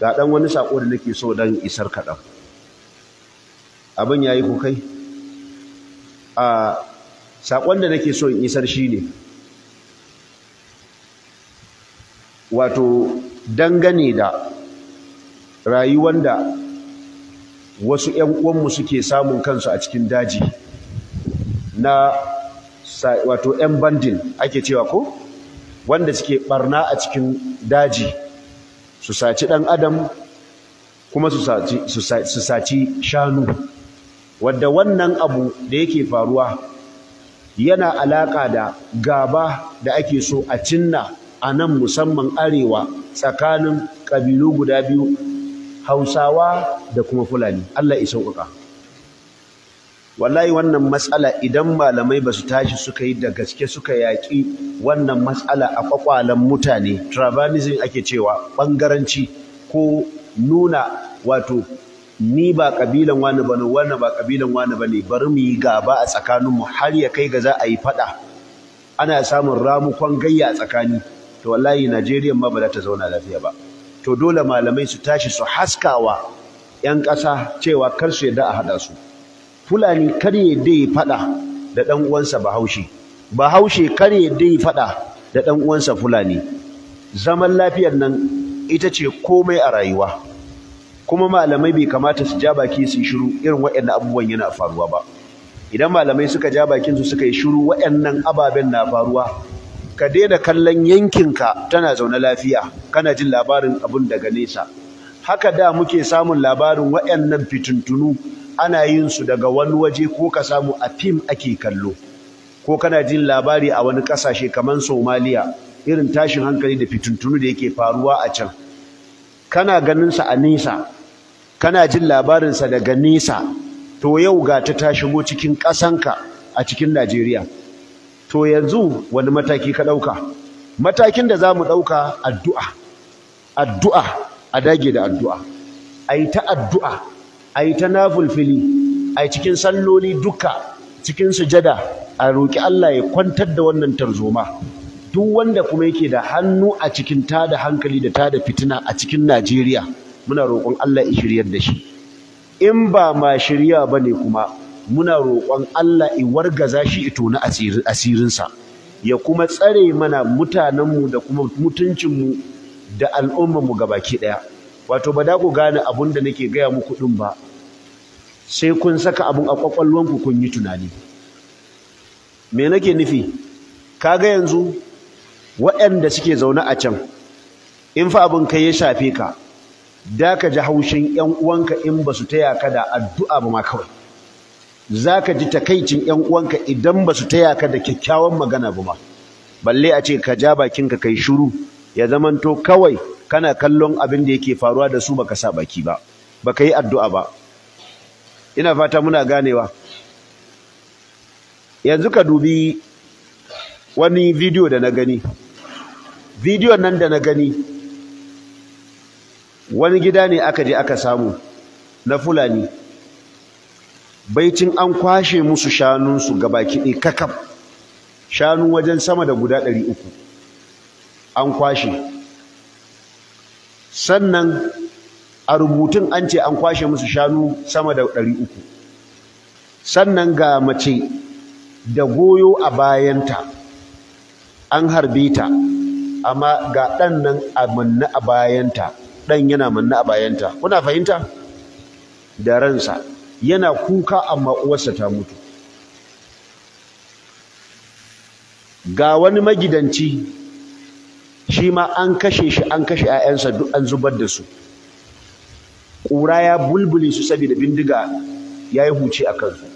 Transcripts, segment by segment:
ga ɗan wani saƙo da nake so don isar kaɗan abin ya yi kai a saƙon da nake so in isar ne wato dangane da rayuwan da wasu ƴan uwanmu suke samun kansu a cikin daji na wato 'yan bandin ake cewa ko wanda suke barna a cikin daji su saci ɗan adam kuma su saci shanu wadda wannan abu da yake faruwa yana alaƙa da gaba da ake so a cinna a nan musamman arewa tsakanin ƙabilu guda biyu hausawa da kuma fulani allah ya sauƙaƙa wallahi wannan matsala idan malamai ba su tashi suka yi da gaske suka yaƙi wannan matsala a kwakwalen mutane travanism ake cewa ɓangaranci ko nuna wato ni ba ƙabilan wani bane wani ba ƙabilan wani bane bari mu yi gaba a tsakaninmu har ya kai ga za a yi faɗa ana samun ramukon gayya a tsakani to wallahi Najeriya ma ba za ta zauna lafiya ba to dole malamai su tashi su haskawa 'yan ƙasa cewa kar su yadda a haɗa su fulani kar ya dai faɗa da ɗan uwansa bahaushe bahaushe kar ya dai faɗa da ɗan uwansa fulani zaman lafiyar nan ita ce komai a rayuwa kuma malamai bai kamata su ja baki su shiru irin waɗannan abubuwan yana faruwa ba idan malamai suka ja bakin su suka yi shiru waɗannan ababen na faruwa ka daina kallon yankinka tana zaune lafiya kana jin labarin abun daga nesa haka da muke samun labarin waɗannan fituntunu. ana yin su daga wani waje ko ka samu a fim ake kallo ko kana jin labari a wani ƙasashe kamar Somaliya irin tashin hankali da fituntunu da yake faruwa a can kana ganin sa a nesa kana jin labarinsa daga nesa to yau ga ta ta shigo cikin ƙasanka a cikin Najeriya to yanzu wani mataki ka ɗauka matakin da za mu ɗauka addu'a addu'a a dage da addu'a a yi ta addu'a a yi ta nafulfili a yi cikin salloli duka cikin sujada a roƙi Allah ya kwantar da wannan tarzoma duk wanda kuma yake da hannu a cikin ta-da-hankali da hankali da ta da fitina a cikin Najeriya muna roƙon Allah ya shiryar da shi in ba ma shirya ne kuma muna roƙon Allah ya wargaza shi ito na asirinsa ya kuma tsare mana mutanenmu da kuma mutuncinmu da al'ummarmu gabaki ɗaya wato ba da ku gane abun da nake gaya muku ɗin ba sai kun saka abin a kwakwalwanku kun yi tunani me nake nufi ka ga yanzu waɗanda suke zaune a can in fa abin kai ya shafe ka da ka ji haushin ƴan uwanka in ba su taya ka da addu'a ba ma kawai za ka ji takaicin 'yan uwanka idan ba su taya ka da kyakkyawan magana ba ma balle a ce ka ja bakinka kai shiru ya zamanto kawai kana kallon abin da yake faruwa da su baka sa baki ba baka yi addu'a ba ina fata muna ganewa yanzu ka dubi wani video da na gani video nan da na gani wani gida ne aka je aka samu na fulani baicin an kwashe musu shanunsu gabaki ɗaya kakaf shanu wajen sama da guda ɗari uku an kwashe sannan a rubutun an ce an kwashe musu shanu sama da ɗari uku sannan ga mace da goyo a bayanta an harbe ta amma ga ɗan nan a manna a bayanta ɗan yana manna a bayanta kuna fahimta da ransa yana kuka amma uwarsa ta mutu ga wani magidanci shi ma an kashe shi an kashe 'ya'yansa duk an zubar da su ƙura ya bulbule su saboda bindiga ya yi huce a kansu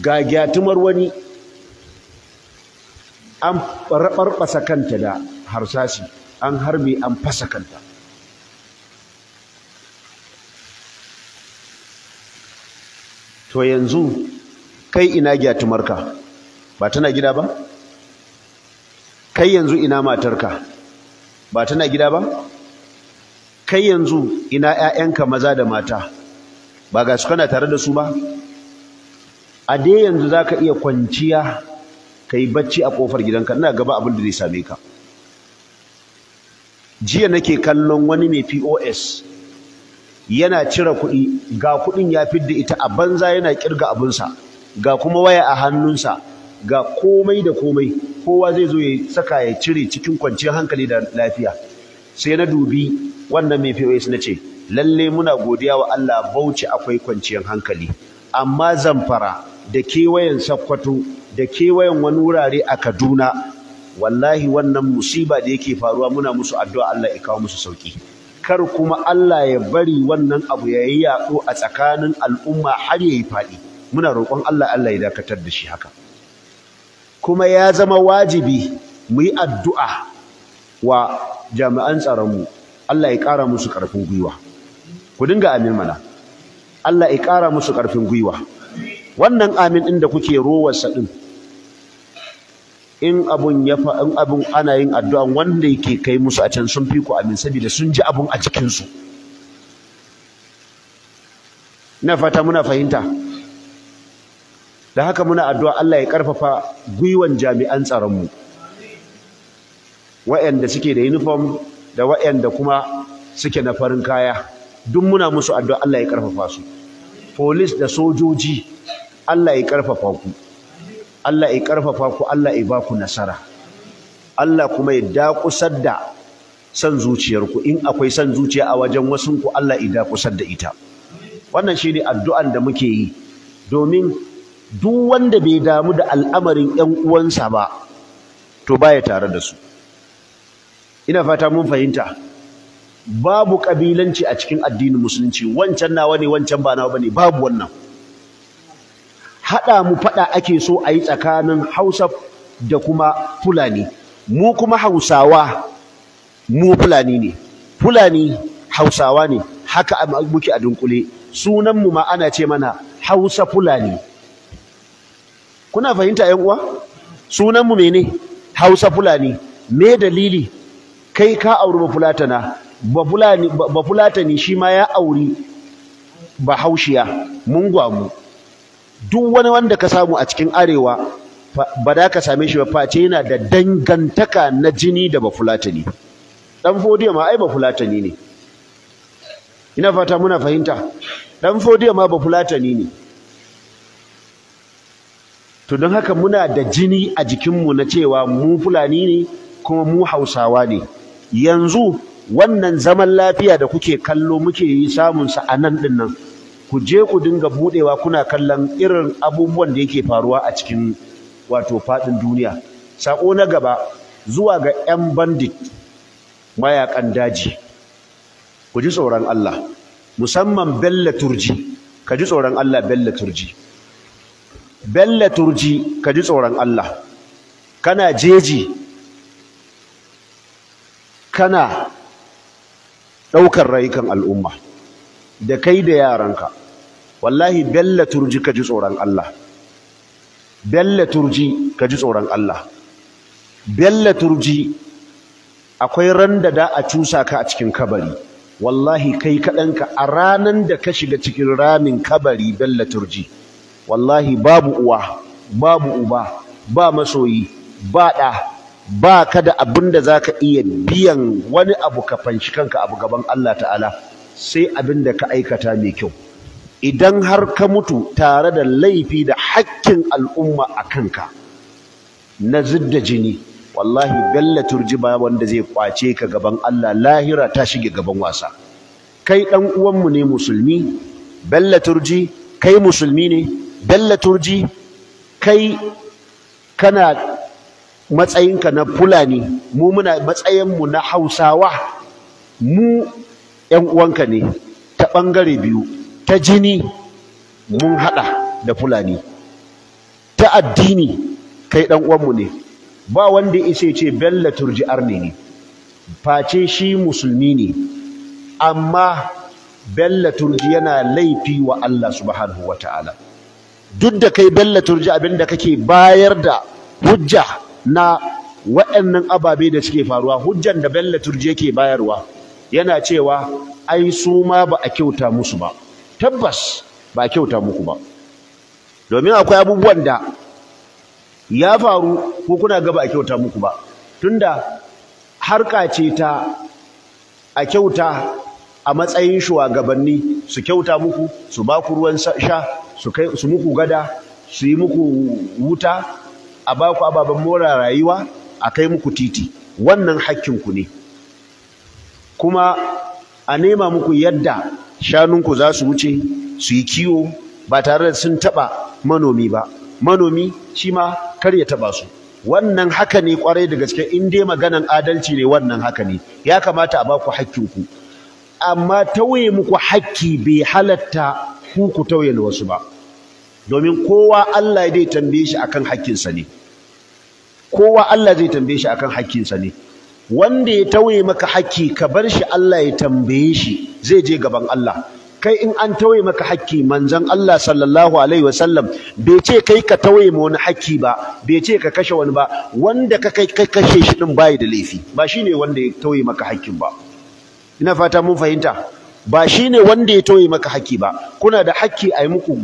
ga gyatumar wani an raɓarɓasa kanta da harsashi an harbe an fasa kanta to yanzu kai ina gyatumarka ba tana gida ba kai yanzu ina matarka ba tana gida ba kai yanzu ina ƴaƴanka maza da mata ba ga su kana tare da su ba a dai yanzu zaka iya kwanciya kai bacci a kofar gidanka ina gaba abin da zai same ka jiya nake kallon wani mai POS yana cire kuɗi ga kuɗin ya fidda ita a banza yana kirga abinsa ga kuma waya a hannunsa ga komai da komai kowa zai zo ya saka ya cire cikin kwanciyar hankali da lafiya sai na dubi wannan mai fiye na ce lalle muna godiya wa Allah Bauchi akwai kwanciyar hankali amma Zamfara da kewayen Sakkwato, da kewayen wani wurare a Kaduna wallahi wannan musiba da yake faruwa muna musu addu'a Allah ya kawo musu sauki kar kuma Allah ya bari wannan abu ya yi yaɗo a tsakanin al'umma har ya yi faɗi muna roƙon Allah Allah ya dakatar da shi haka kuma ya zama wajibi mu yi addu'a wa jami'an tsaronmu Allah ya ƙara musu ƙarfin gwiwa ku dinga amin mana Allah ya ƙara musu ƙarfin gwiwa wannan amin inda kuke rowarsa ɗin in abun ya fa’in abin ana yin addu'an wanda yake kai musu a can sun fi ku amin saboda sun ji abun a cikinsu na fata muna fahimta da haka muna addu'a Allah ya karfafa gwiwan jami'an tsaronmu wa'yanda suke da uniform da wa'yanda kuma suke na farin kaya duk muna musu addu'a Allah ya karfafa su police da sojoji Allah ya karfafa ku Allah ya karfafa ku Allah ya ba ku nasara Allah kuma ya dakusar da san zuciyarku in akwai san zuciya a wajen wasunku Allah ya dakusar da ita wannan shine addu'an da muke yi domin duk wanda bai damu da al'amarin ƴan uwansa ba to baya tare da su ina fata mun fahimta babu kabilanci a cikin addinin musulunci wancan nawa ne wancan ba nawa bane babu wannan hada mu fada ake so a yi tsakanin Hausa da kuma Fulani mu kuma Hausawa mu Fulani ne Fulani Hausawa ne haka muke a dunkule sunan mu ma ana ce mana Hausa Fulani kuna fahimta yan uwa sunan mu mene Hausa Fulani me dalili kai ka auri bafulatana ba bafulatani shi ma ya auri bahaushiya mun gwamu duk wani wanda ka samu a cikin arewa ba da ka same shi ba face yana da dangantaka na jini da bafulatani dan fodiya ma ai bafulatani ne ina fata muna fahimta dan fodiya ma bafulatani ne to don haka muna da jini a jikinmu na cewa mu fulani ne kuma mu hausawa ne yanzu wannan zaman lafiya da kuke kallo muke yi samunsa a nan ɗin nan ku je ku dinga buɗewa kuna kallon irin abubuwan da yake faruwa a cikin wato faɗin duniya saƙo na gaba zuwa ga 'yan bandit mayakan daji ku ji tsoron Allah musamman Bello Turji ka ji tsoron Allah Bello Turji bella turji ka ji tsoron Allah kana jeji kana ɗaukar rayukan al'umma da kai da yaranka wallahi bella turji ka ji tsoron Allah bella turji ka ji tsoron Allah bella turji akwai ran da da a cusa ka a cikin kabari wallahi kai kaɗanka a ranan da ka shiga cikin ramin kabari bella turji wallahi babu uwa babu uba ba masoyi ba ɗa ba ka da abin da za ka iya biyan wani abu ka fanshi kanka abu gaban Allah ta'ala sai abin da ka aikata mai kyau idan har ka mutu tare da laifi da hakkin al'umma a kanka na zidda jini wallahi turji ba wanda zai kwace ka gaban Allah lahira ta shige gaban wasa kai dan uwanmu ne musulmi bella turji kai musulmi ne bello turji kai kana matsayinka na fulani mu muna matsayinmu na hausawa mu ‘yan uwanka ne ta ɓangare biyu ta jini mun haɗa da fulani ta addini kai ɗan uwanmu ne ba wanda isa ce bella turji arne ne face shi musulmi ne amma bella turji yana laifi wa Allah subhanahu wa ta'ala duk da kai bella turji abin da kake bayar da hujja na waɗannan ababe da suke faruwa hujjan da bella turji yake bayarwa yana cewa ai su ma ba a kyauta musu ba tabbas ba a kyauta muku ba domin akwai abubuwan da ya faru ko kuna ga ba a kyauta muku ba tunda harka ce ta a kyauta a matsayin shugabanni su kyauta muku su ba ku ruwan sha su kai su muku gada su yi muku wuta a ba ku ababen more rayuwa a kai muku titi wannan hakkin ku ne kuma a nema muku yadda shanunku za su wuce su yi kiwo ba tare da sun taɓa manomi ba manomi shi ma kar ya taɓa su wannan haka ne kwarai da gaske in dai maganan adalci ne wannan haka ne ya kamata a baku ku amma tauye muku hakki bai halatta ku ku tauye wasu ba domin kowa Allah zai tambaye shi akan sa ne kowa Allah zai tambaye shi akan hakkinsa ne wanda ya tauye maka haƙƙi ka bar shi Allah ya tambaye shi zai je gaban Allah kai in an tauye maka haƙƙi manzon Allah sallallahu alaihi wasallam bai ce kai ka tauye ma wani haƙƙi ba bai ce ka kashe wani ba wanda ka kai ka kashe shi din bai da laifi ba shine wanda ya tauye maka haƙƙin ba ina fata mun fahimta ba shi ne wanda ya toye maka haƙƙi ba kuna da haƙƙi a yi muku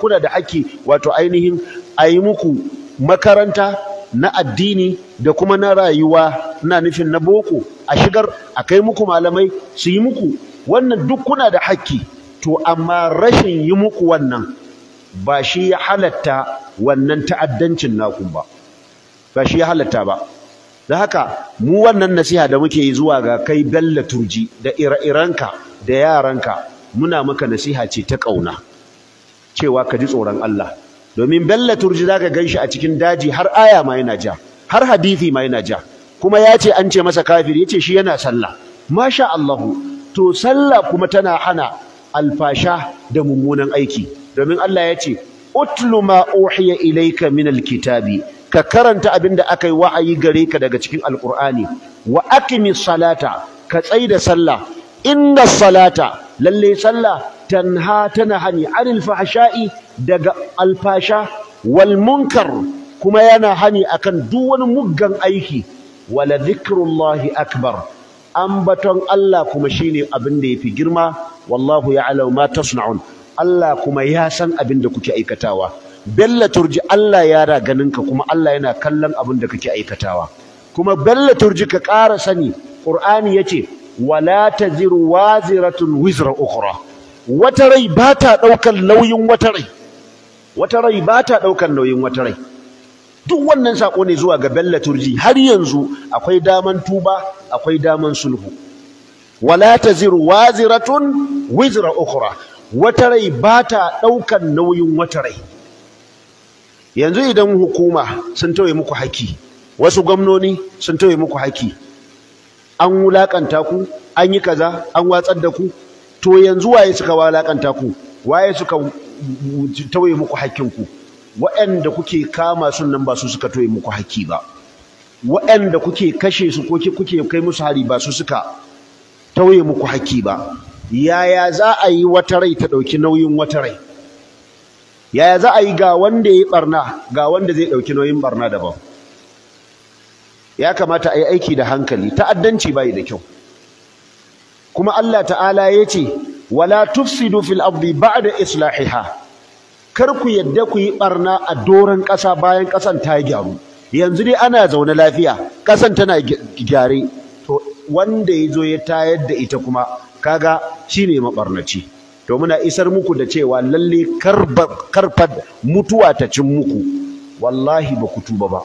kuna da haƙƙi wato ainihin a yi muku makaranta na addini da kuma na rayuwa na nufin na boko a shigar a kai muku malamai su yi muku wannan duk kuna da haƙƙi to amma rashin yi muku wannan ba shi ya halatta wannan ta'addancin naku ba ba shi ya halatta ba da haka mu wannan nasiha da muke yi zuwa ga kai Bello Turji da ire iranka da yaranka muna maka nasiha ce ta ƙauna cewa ka ji tsoron Allah domin Bello Turji zaka ganshi a cikin daji har aya ma yana ja har hadisi ma yana ja kuma ya ce an ce masa kafiri yace shi yana sallah masha Allah to sallah kuma tana hana alfasha da mummunan aiki domin Allah ya ce utlu ma uhiya ilayka minal kitabi ka karanta abin da aka yi wa'ayi gare ka daga cikin Alkur'ani. wa aqimi salata ka da sallah inna salata lalle sallah tanha tana hani anil fahsha'i daga alfasha wal munkar kuma yana hani akan duk wani muggan aiki wala dhikrullahi akbar ambaton Allah kuma shine abin da yafi girma wallahu ya'lamu ma tasna'un Allah kuma ya san abin da kuke aikatawa bella turji Allah ya ra ganin kuma Allah yana kallon abin da kake aikatawa kuma bella turji ka ƙara sani Qur'ani yace wala taziru waziratun wizra ukhra wata rai ba ta daukar nauyin wata rai wata rai ba ta daukar nauyin wata rai duk wannan sako ne zuwa ga bella turji har yanzu akwai daman tuba akwai daman sulhu wala taziru waziratun wizra ukhra wata rai ba ta daukar nauyin wata rai yanzu idan hukuma sun tauye muku haki wasu gwamnoni sun tauye muku haki an wulakanta ku an yi kaza an watsar da ku to yanzu waye suka wulakanta ku waye suka tauye muku hakkin ku waɗanda kuke kama sun nan ba su suka tauye muku hakki ba waɗanda kuke kashe su ko kuke kai musu hari ba su suka tauye muku hakki ba yaya za a yi wata rai ta ɗauki nauyin wata rai yaya za a yi ga wanda ya yi barna ga wanda zai ɗauki nauyin barna daban ya kamata a yi aiki da hankali ta'addanci bai da kyau kuma Allah ta'ala ya ce wala tufsidu fil ardi ba'da islahiha kar ku yadda ku yi barna a doron ƙasa bayan ƙasan ta gyaru yanzu dai ana zaune lafiya ƙasan tana gyare to wanda ya zo ya tayar da ita kuma kaga shine mabarnaci to muna isar muku da cewa lalle karfar mutuwa ta cin muku wallahi ba ku tuba ba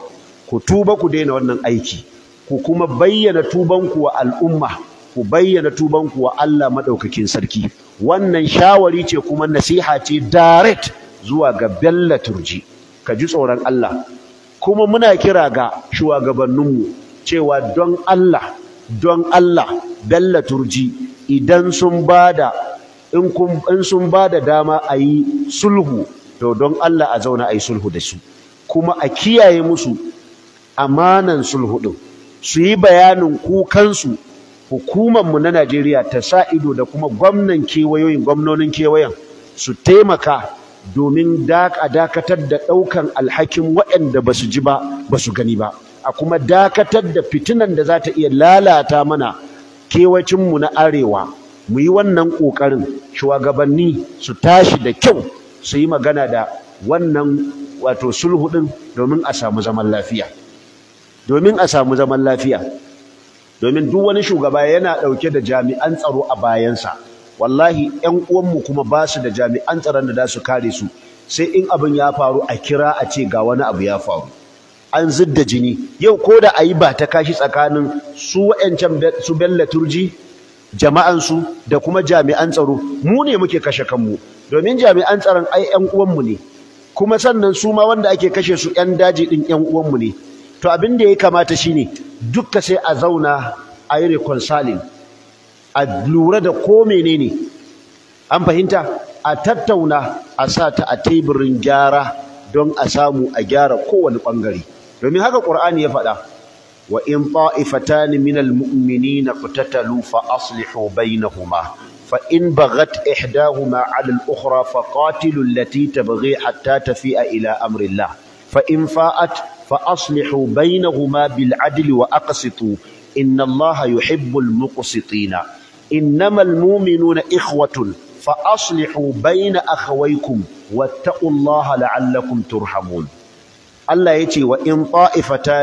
ku tuba ku daina wannan aiki ku kuma bayyana tubanku wa al'umma ku bayyana tubanku wa Allah madaukakin sarki wannan shawari ce kuma nasiha ce direct zuwa ga Bello Turji ka ji tsoron Allah kuma muna kira ga shugabanninmu cewa don Allah don Allah Bello Turji idan sun bada in sun ba da dama a yi sulhu to don Allah a zauna a yi sulhu da su kuma a kiyaye musu amanan sulhu ɗin su yi bayanin kukansu mu na Najeriya ta sa ido da kuma gwamnan kewayoyin gwamnonin kewayen su taimaka domin dakatar da ɗaukan alhakin waɗanda ba su ji ba ba su gani ba a kuma dakatar da fitinan da za ta iya lalata mana kewacinmu na arewa mu yi wannan ƙoƙarin shugabanni su tashi da kyau su yi magana da wannan wato sulhu ɗin domin a samu zaman lafiya domin a samu zaman lafiya domin duk wani shugaba yana ɗauke da jami'an tsaro a bayansa wallahi ƴan uwanmu kuma ba su da jami'an tsaron da za su kare su sai in abin ya faru a kira a ce ga wani abu ya faru an zidda jini yau ko da a yi ba ta kashi tsakanin su wa'yancan su bella turji jama'ansu da kuma jami'an tsaro mu ne muke kashe kanmu domin jami'an tsaron ai ƴan uwanmu ne kuma sannan su ma wanda ake kashe su ƴan daji ɗin ƴan uwanmu ne to abin da ya kamata shine dukka sai a zauna a yi reconciling a lura da ko menene an fahimta a tattauna a sa ta a teburin gyara don a samu a gyara kowane ɓangare domin haka ƙur'ani ya faɗa وإن طائفتان من المؤمنين اقتتلوا فأصلحوا بينهما فإن بغت إحداهما على الأخرى فقاتلوا التي تبغي حتى تفيء إلى أمر الله فإن فاءت فأصلحوا بينهما بالعدل وأقسطوا إن الله يحب المقسطين إنما المؤمنون إخوة فأصلحوا بين أخويكم واتقوا الله لعلكم ترحمون Allah ya ce wa in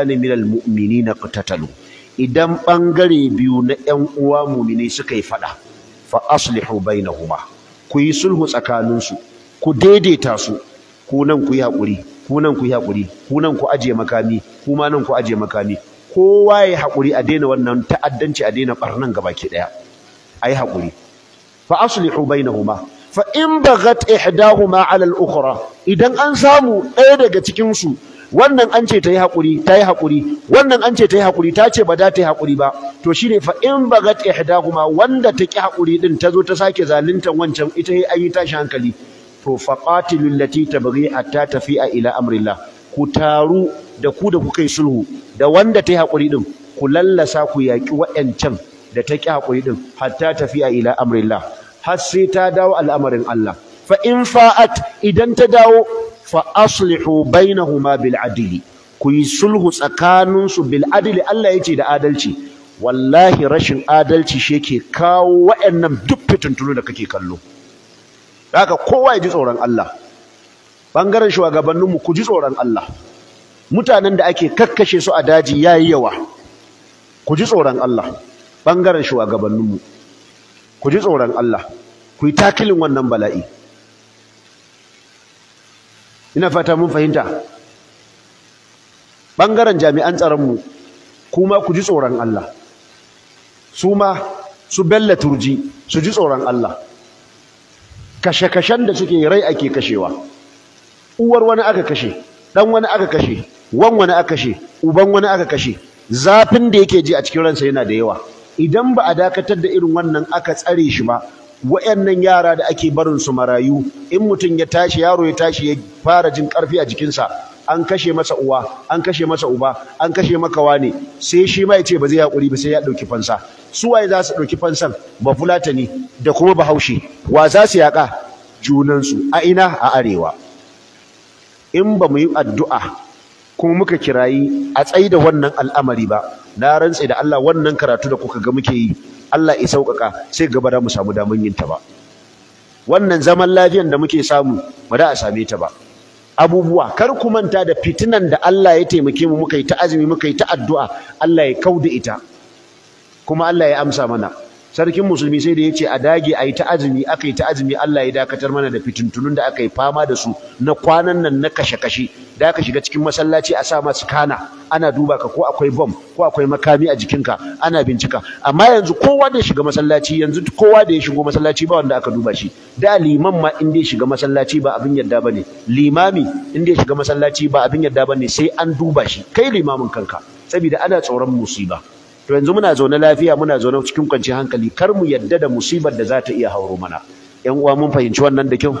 min minal na qatatalu idan ɓangare biyu na ƴan uwa mu'mini suka yi faɗa fa aslihu bainahuma ku yi sulhu tsakaninsu, ku daidaita su ku nan ku yi haƙuri, ku nan ku yi haƙuri, ku nan ku aje makami ku ma nan ku aje makami kowa ya haƙuri a daina wannan ta'addanci a daina barnan gabaki daya ayi hakuri fa aslihu bainahuma fa in bagat ihdahuma ala al-ukhra idan an samu ɗaya daga cikin su wannan an ce ta yi haƙuri ta yi haƙuri wannan an ce ta yi haƙuri ta ce ba za ta yi haƙuri ba to shi shine fa in bagat kuma wanda ta ƙi haƙuri ɗin, ta zo ta sake zaluntar wancan ita yi ayi tashi hankali to bari a ta tafi a ila amrillah ku taru da ku da kuka yi sulhu da wanda ta yi haƙuri ɗin, ku lallasa ku yaƙi wayancan da ta ƙi haƙuri ɗin. ta tafi a ila amrillah har sai ta dawo al'amarin Allah fa in fa'at idan ta dawo fa aslihu bainahuma bil adli ku yi sulhu tsakaninsu bil adli Allah ce da adalci wallahi rashin adalci shi yake kawo waɗannan duk fitintunu da kake kallo haka kowa ya ji tsoron Allah bangaren shugabanninmu ku ji tsoron Allah mutanen da ake kakkashe su a daji yayi yawa ku ji tsoron Allah bangaren shugabanninmu ku ji tsoron Allah ku yi takilin wannan bala'i ina fata mun fahimta Bangaren jami'an tsaronmu kuma ku ji tsoron Allah su ma su bella turji su ji tsoron Allah kashe-kashen da suke rai ake kashewa uwar wani aka kashe ɗan wani aka kashe wan wani aka kashe uban wani aka kashe zafin da yake ji a cikin ransa yana da yawa idan ba a dakatar da irin wannan aka tsare shi ba Wa'annan yara da ake barin su marayu in mutum ya tashi yaro ya tashi ya fara jin karfi a jikinsa an kashe masa uwa an kashe masa uba an kashe maka wane sai shi ma ya ce ba zai hakuri ba sai ya dauki fansa su waye za su dauki fansan ba fulatani da kuma bahaushe wa za su yaka junansu a ina a arewa in ba mu yi addu'a kuma muka kirayi a da wannan al'amari ba na rantse da Allah wannan karatu da kuka ga muke yi Allah ya sauƙaƙa sai gaba da mu samu damun yin ta ba wannan zaman lafiyar da muke samu ba da a same ta ba abubuwa kar ku manta da fitinan da Allah ya taimake mu muka yi ta azumi muka yi ta addu'a Allah ya kauda ita kuma Allah ya amsa mana sarkin musulmi sai da ya ce a dage a yi azumi aka yi ta Allah ya dakatar mana da fitintunun da aka yi fama da su na kwanan nan na kashe-kashe da aka shiga cikin masallaci a sa masu kana ana duba ka ko akwai bom ko akwai makami a jikinka ana bincika amma yanzu kowa da ya shiga masallaci yanzu kowa da ya shigo masallaci ba wanda aka duba shi da liman ma inda ya shiga masallaci ba abin yadda ba ne, limami inda ya shiga masallaci ba abin yadda ba ne, sai an duba shi kai limamin kanka saboda ana tsoron musiba to yanzu muna zaune lafiya muna zaune cikin kwanciyar hankali kar mu yadda da musibar da za ta iya hauro mana yan uwa mun fahimci wannan da kyau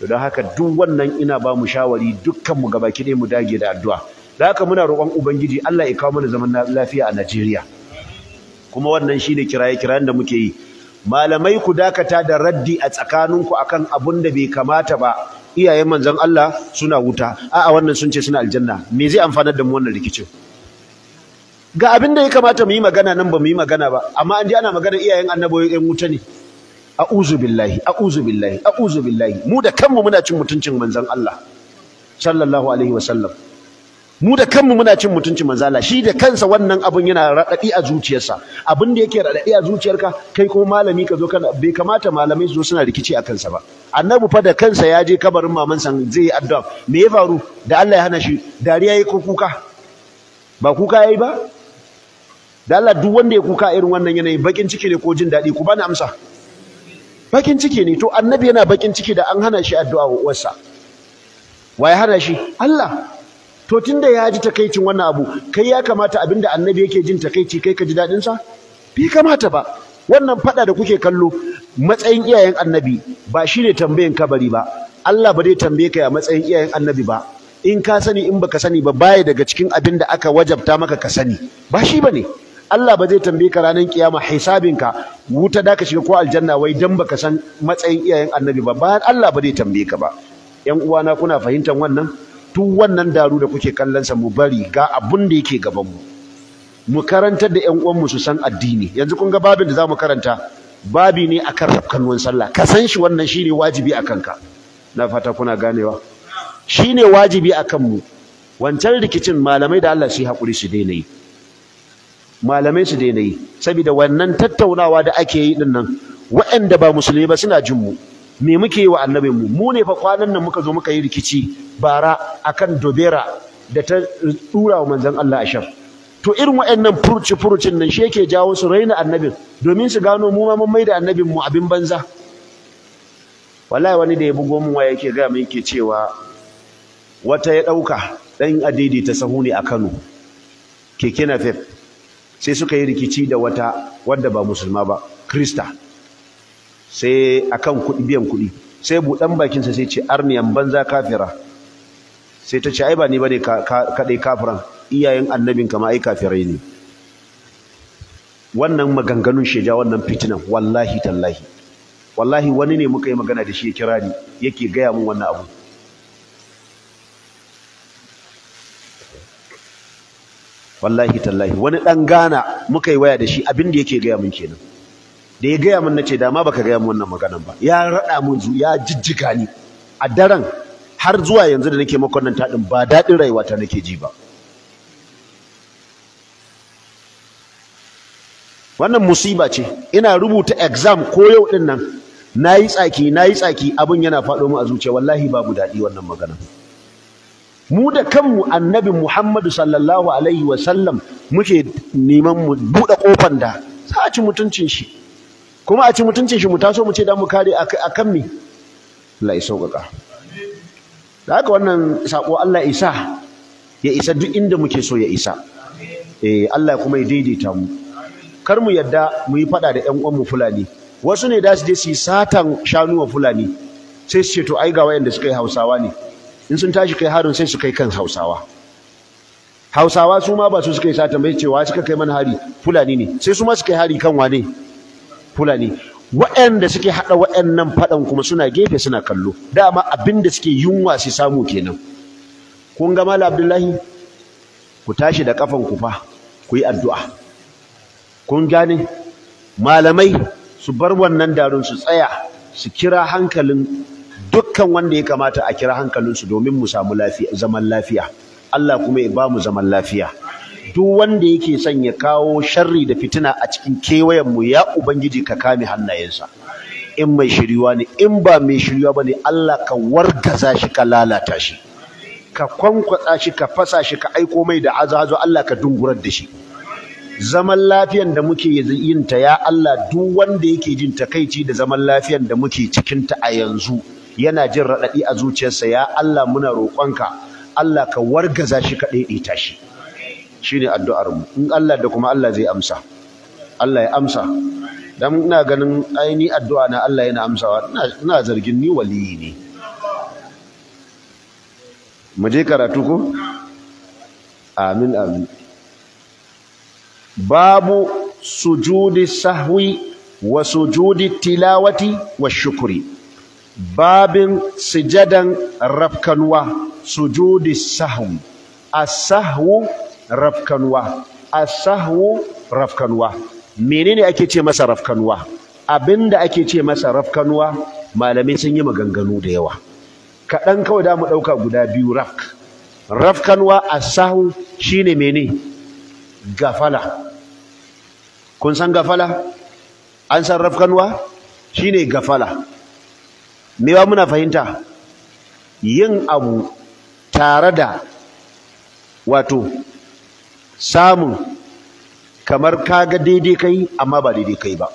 to don haka duk wannan ina ba mu shawari dukkan mu gabaki ɗaya mu dage da addu'a da haka muna roƙon ubangiji Allah ya kawo mana zaman lafiya a Najeriya kuma wannan shine kiraye kirayen da muke yi malamai ku dakata da raddi a tsakaninku akan abun da bai kamata ba iyayen manzon Allah suna wuta a'a wannan sun ce suna aljanna me zai amfanar da mu wannan rikicin ga abin da ya kamata mu yi magana nan ba mu yi magana ba amma an ji ana magana iyayen annabawa yan wuta ne a'udhu billahi a'udhu billahi a'udhu billahi mu da kanmu muna cin mutuncin manzon Allah sallallahu alaihi wasallam mu da kanmu muna cin mutuncin manzon Allah shi da kansa wannan abun yana raɗaɗi a zuciyarsa abin da yake radadi a zuciyarka kai ko malami ka zo kana bai kamata malamai su zo suna rikici a kansa ba annabi fa da kansa ya je kabarin mamansa zai yi addu'a me ya faru da Allah ya hana shi dariya yayi ko kuka ba kuka yayi ba da duk wanda ya kuka irin wannan yanayi bakin ciki ne ko jin daɗi ku bani amsa bakin ciki ne to annabi yana bakin ciki da an hana shi addu'a wa uwarsa waye hana shi Allah to tunda ya ji takaicin wannan abu kai ya kamata abinda annabi yake jin takaici kai ka ji daɗin sa bai kamata ba wannan fada da kuke kallo matsayin iyayen annabi ba shi shine tambayin kabari ba Allah ba zai tambaye ka a matsayin iyayen annabi ba in ka sani in baka sani ba baya daga cikin abin da aka wajabta maka ka sani ba shi bane ne Allah ba zai tambaye ka ranar kiyama hisabinka wuta da ka shiga ko aljanna wai dan baka san matsayin iyayen annabi ba Bayan Allah ba zai tambaye ka ba yan uwana kuna fahimtar wannan duk wannan daru da kuke kallon sa mu bari ga abun da yake gaban mu mu karantar da ƴan uwan mu su san addini yanzu kun ga babin da zamu karanta babi ne akan rafkanuwan sallah ka san shi wannan shine wajibi akan ka na fata kuna ganewa shine wajibi akan mu wancan rikicin malamai da Allah shi hakuri su daina yi malamai su daina yi saboda wannan tattaunawa da ake yi din nan waɗanda ba musulmi ba suna jin mu me muke yi wa annabin mu mu ne fa kwanan nan muka zo muka yi rikici bara akan dobera da ta dura wa manzon Allah ashar to irin waɗannan furuci furucin nan shi yake jawo su raina annabin domin su gano mu ma mun maida annabin mu abin banza wallahi wani da ya bugo mun waya yake ga mu yake cewa wata ya ɗauka ɗan adidi ta sahu ne a Kano keke na fef sai suka yi rikici da wata wadda ba musulma ba krista sai akan kan biyan kuɗi sai buɗan bakinsa sai ce arniyan banza kafira sai ta ce ai ba ni bane kaɗai kafiran iyayen annabin kama ai kafirai ne wannan maganganun sheja wannan fitinan wallahi tallahi wallahi wani ne muka yi magana da shi ya kira ni yake gaya mun wannan abu wallahi tallahi wani dan gana muka yi waya da shi abin da yake gaya min kenan da ya gaya min nace dama dama baka gaya min wannan maganan ba ya raɗa mun zu ya jijjiga ni a daren har zuwa yanzu da nake maka wannan tadin ba daɗin rayuwa ta nake ji ba wannan musiba ce ina rubuta exam ko yau din nan nayi tsaki nayi tsaki abin yana faɗo min a zuciya wallahi babu daɗi wannan maganan mu da kanmu annabi Muhammadu sallallahu alaihi wasallam muke neman mu buɗe ƙofan da za a ci mutuncin shi kuma a ci mutuncin shi mu taso mu ce da mu kare a kan mi lai sauƙaƙa da haka wannan saƙo Allah isa ya isa duk inda muke so ya isa eh Allah kuma ya daidaita mu kar mu yadda mu yi faɗa da ƴan uwanmu mu fulani wasu ne da su je su yi satan shanuwa fulani sai su ce to ai ga wayanda suka yi Hausawa ne in sun tashi kai harin sai su kai kan hausawa hausawa su ma ba su suka yi sata mai cewa suka kai mana hari fulani ne sai su ma suka yi hari kan wane fulani waɗanda suke haɗa waɗannan faɗan kuma suna gefe suna kallo dama abin da suke yunwa su samu kenan kun ga mala abdullahi ku tashi da kafan ku fa ku yi addu'a kun gane malamai su bar wannan darun su tsaya su kira hankalin dukkan wanda ya kamata a kira hankalinsu domin mu samu zaman lafiya Allah kuma ya bamu zaman lafiya duk wanda yake son ya kawo sharri da fitina a cikin kewayen mu ya ubangiji ka kame hannayensa in mai shiriwa ne in ba mai shiriwa ne. Allah ka wargaza shi ka lalata shi ka kwankwatsa shi ka fasa shi ka aiko mai da azazo Allah ka dungurar da shi zaman lafiyan da muke yin ta ya Allah duk wanda yake jin takaici da zaman lafiyan da muke cikin ta a yanzu yana jin raɗaɗi a zuciyarsa ya Allah muna roƙonka Allah ka wargaza shi ka daidaita shi shine addu'ar mu in Allah da kuma Allah zai amsa Allah ya amsa dan ina ganin aini addu'a na Allah yana amsawa ina zargin ni waliyi ne mu je karatu ko amin amin babu sujudi sahwi wa sujudi tilawati wa shukri babin sujadan rafkanuwa sujudi sahwu as-sahwu rafkanuwa as-sahwu rafkanuwa menene ake ce masa rafkanwa? abinda ake ce masa rafkanwa malamai sun yi maganganu da yawa kaɗan kawai da mu ɗauka guda biyu rafk rafkanuwa as-sahwu shine mene gafala kun san gafala an san rafkanuwa shine gafala mewa muna fahimta yin abu tare da wato samun kamar kaga daidai kai amma ba daidai kai ba